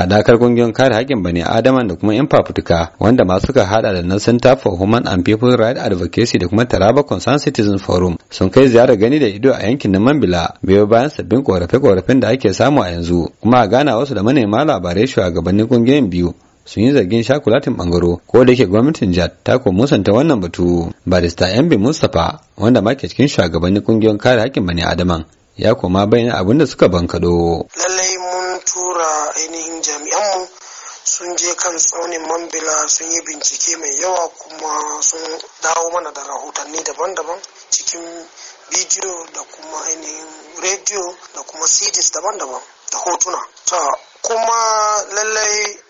hadakar kungiyoyin kare haƙƙin bani Adama da kuma yan fafutuka wanda ma suka hada da nan center for human and people rights advocacy da kuma taraba concern citizen forum sun kai ziyarar gani da ido a yankin na mambila biyo bayan sabbin korafe-korafen da ake samu a yanzu kuma a gana wasu da manema labarai shugabannin kungiyoyin biyu sun yi zargin shakulatin bangaro ko da yake gwamnatin jihar ta ko musanta wannan batu barista Yambi mustapha wanda ma ke cikin shugabannin kungiyoyin kare haƙƙin bani adaman ya koma bayan abin da suka bankado lallai tura ainihin jami'anmu sun je kan tsaunin mambila sun yi bincike mai yawa kuma sun dawo mana da rahotanni daban-daban cikin bidiyo da kuma ainihin rediyo da kuma cds daban-daban da hotuna ta kuma lallai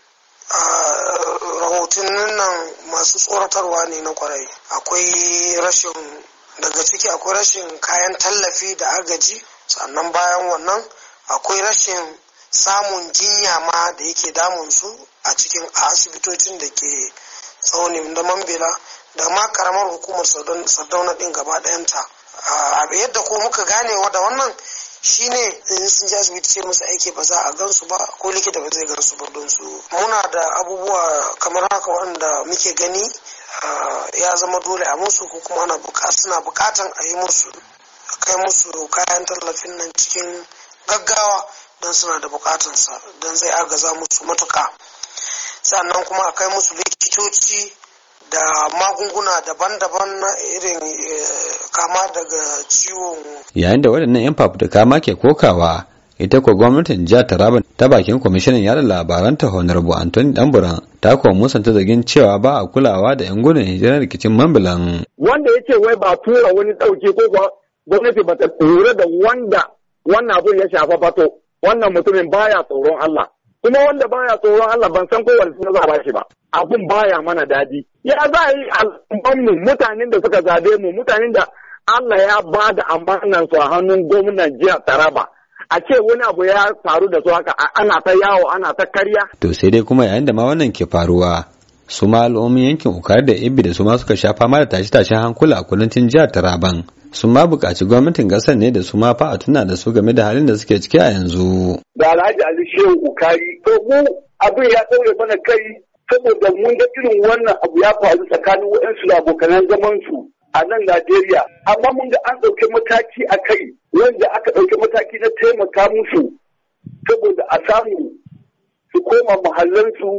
rahotannin nan masu tsoratarwa ne na kwarai akwai rashin daga ciki akwai rashin kayan tallafi da agaji sannan bayan wannan akwai rashin samun jinya ma da yake damunsu a cikin asibitocin da ke tsaunin da mambila da ma karamar hukumar sardauna din gaba ɗayanta abu yadda ko muka ganewa da wannan shine in sun ji asibiti ce musu aiki ba za a gansu ba ko likita ba zai gansu ba don su muna da abubuwa kamar haka waɗanda muke gani ya zama dole a musu ko kuma suna bukatan a yi musu kai musu kayan tallafin nan cikin gaggawa don suna da bukatunsa don zai agaza musu matuka sannan kuma a kai musu likitoci da magunguna daban-daban na irin eh, kama daga ciwon yayin da waɗannan 'yan fafutuka kama ke kokawa ita ko gwamnatin jihar taraba ta bakin kwamishinan yada labaran ta honorable antoni damburan ta kuwa musanta zagin cewa ba a kulawa da 'yan gudun hijirar rikicin mambilan wanda ya ce wai ba tura wani ɗauke ko gwamnati ba ta lura da wanda wannan abun ya shafa fato wannan mutumin baya tsoron Allah kuma wanda baya tsoron Allah ban san kowane suna za shi bashi ba abun baya mana dadi ya za a yi al'ummanmu mutanen da suka zabe mu mutanen da Allah ya ba da amanan su a hannun gwamnan jiya Taraba a ce wani abu ya faru da su haka ana ta yawo ana ta karya to sai dai kuma yayin da ma wannan ke faruwa su ma al'ummin yankin ukar da ibi da su ma suka sha fama da tashe-tashen hankula a kudancin jihar taraban su ma buƙaci gwamnatin gasar ne da su ma fa a tuna da su game da halin da suke ciki a yanzu. da alhaji ali shehu ukari to mu abin ya ɗaure mana kai saboda mun ga irin wannan abu ya faru tsakanin waɗansu da abokanan zaman su a nan najeriya amma mun ga an ɗauki mataki a kai wanda aka ɗauke mataki na taimaka musu saboda a samu su koma mahallansu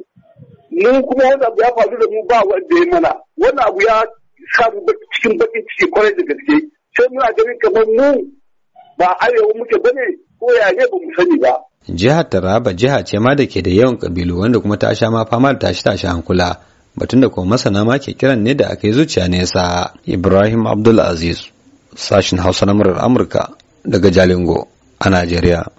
mun kuma wani abu ya faru da mu ba wanda ya mana wani abu ya sa cikin bakin ciki kwarai da gaske sai muna ganin kamar mu ba arewa muke ba ne, ko ya ne ba mu sani ba jihar Taraba jiha ce ma da ke da yawan kabilu wanda kuma ta sha ma fama da tashi tashi hankula batun da kuma masana ma ke kiran ne da aka yi zuciya nesa Ibrahim Abdul Aziz sashin Hausa na murar Amurka daga Jalingo a Najeriya